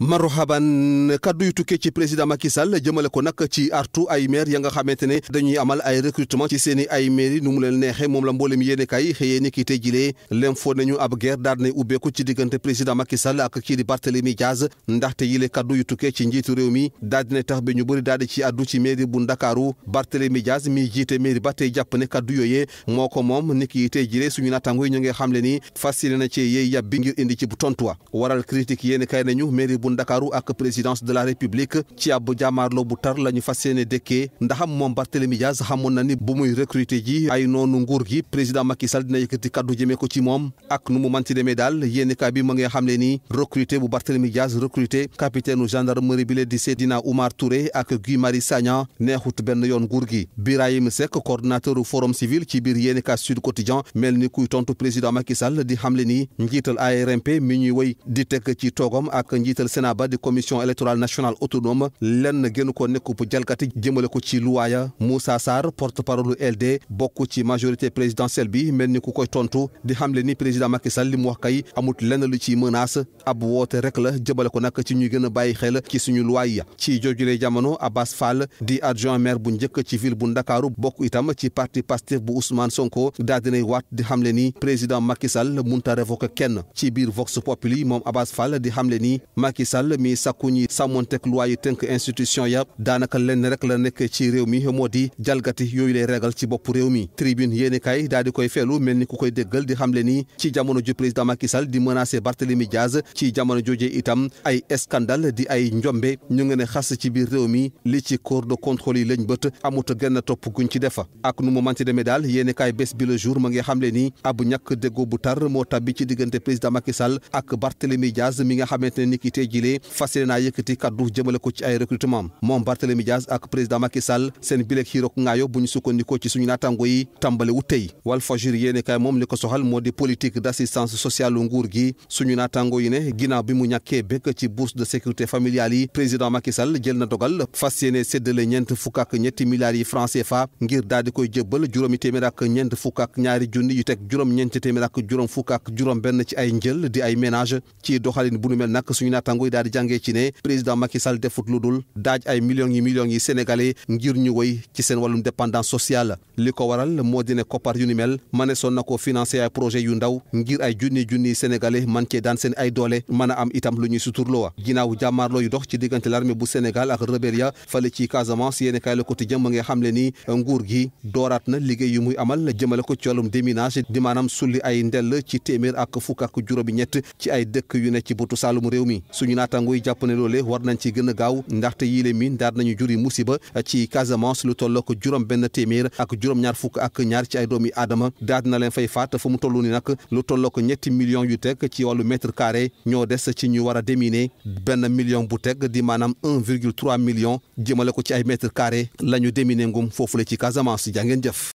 marhaban kaddu yu tukkee ci président Macky Sall jëmale ko nag ci artu ay maire ya nga xamante ne dañuy amal ay recrutement ci seen i ay maire nu mu leen neexe moom la mboolem yéene kaay xëyee ni kii tey jilee l'info nañu ab guerre daal nay ubbeeku ci diggante président Macky Sall ak kii di Barthélémy Diaz ndaxte yile kaddu yu tukkee ci njiitu réew mi daal dina tax bi ñu bëri daal di ci addu ci mairie bu Ndakaaru Barthélémy Diaz mi jiite mairie ba tey jàpp ne kaddu yooyee moo ko moom ni kii tey suñu naataango yi ñu ngi xamle ni fas yéene na ci indi ci bu tontuwa waral critique yéene kaay nañu mairie bu ndakaaru ak présidence de la république ci ab jàmmaarloo bu tar la ñu fas yéene dëkkee moom Barthélémy Dias xamoon na ni bu muy recruter ji ay noonu nguur gi président Macky Sall dina yëkkati kaddu jëmee ko ci moom ak nu mu manti demee daal yéeni kaay bi ma ngi xam ne ni recruter bu Barthélémy Dias recruter capitaine u gendarmerie bi le di Seydina Oumar ak Guy Marius Sagna neexut benn yoon nguur gi Birahim Seck coordonnateur forum civil ci biir yéeni kaay Sud Quotidien mel ni kuy tontu président Macky Sall di xamle sénat ba di commission électorale nationale autonome lenn génn ko nekku bu jalgati jëmale ko ci luwaaya Moussa Sarr porte parole LD bokk ci majorité présidentielle bi mel ni ku koy tontu di xamle ni président Macky Sall li mu wax kay amut lenn lu ci menace ab woote rek la jëmale ko nag ci ñuy gën a bàyyi xel ci suñu luwaaya ci joojule jamono Abbas Fall di adjoint maire bu njëkk ci ville bu Ndakaaru bokk itam ci parti Pastef bu Ousmane Sonko daa dinay waat di xamle ni président Macky Sall munta révoquer kenn ci biir Vox Populi moom Abbas di xamle Macky Sall mi sàkku ñi sàmmonteeg loi yu tënk institution ya daanaka lenn rek la nekk ci réew mi moo jalgati yooyu lay regal ci bopp réew mi tribune yéeni kay daal di koy ku koy déggal di xamle ni ci jamono ju président Macky di menacer Barthélemy Diaz ci jamono jooje itam ay scandale di ay njombe ñu ngi ne xas ci biir réew mi li ci corps de contrôle yi a bët amut genn topp guñ ci defa ak nu mu manti demee daal yéeni kay bés bi le ma ngi xamle jilee fas yéene naa yëkkati kaddu jëmale ko ci ay recrutement moom Barthélémy Dias ak président Macky Sall seen bileeg xiiroog ngaayo bu ñu sukkandikoo ci suñu naataango yi tàmbale wu tey Walf Fadjri yéene kaay ko soxal moo di politique d'assistance sociale nguur gi suñu naataango yi mu ñàkkee bekk ci bourse de sécurité familiale yi président jël na dogal fas yéene séddale ñeent fukk ak ñetti milliards yi francs ngir daal di koy jébbal juróomi téeméer ak naataango yi daal di jàngee ci ne président Macky Sall defut lu dul daaj ay millions yi millions yi sénégalais ngir ñu woy ci seen wàllum dépendance sociale li ko waral moo di ne koppar yu ni mel mëneesoon na ko financer ay projet yu ndaw ngir ay junni junni sénégalais man cee daan seen ay doole mën am itam lu ñuy suturloo ginnaaw jàmmaarloo yu dox ci diggante l'armée bu Sénégal ak rébellia fale ci Casamance yéen kaay Le Quotidien ma ngi xam le ni nguur gi dooraat na liggéey yu muy amal jëmale ko ci wàllum déminage di maanaam sulli ay ndell ci téeméer ak fukk ak juróomi ñett ci ay dëkk yu ne ci butu saalum réew mi ñu naataango yi jàpp ne loole war nañ ci gën a gaaw ndaxte yile mine daar nañu juri musiba ci Casamance lu tolloo ko juróom benn téeméer ak juróom-ñaar fukk ak ñaar ci ay doomi adama daar na leen fay faat fu mu toll ni nag lu tolloo ko ñetti millions yu teg ci wàllu mètre carré ñoo des ci ñu war a déminer benn million bu teg di maanaam 1,3 million jëmale ko ci ay mètre carré la ñu déminer ngum foofu la ci Casamance jaa ngeen jëf